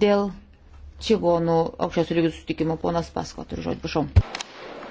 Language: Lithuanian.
dėl čigonų aukščiausių lygių sutikimo. Ponas Pasko, turiu žodį, prašau.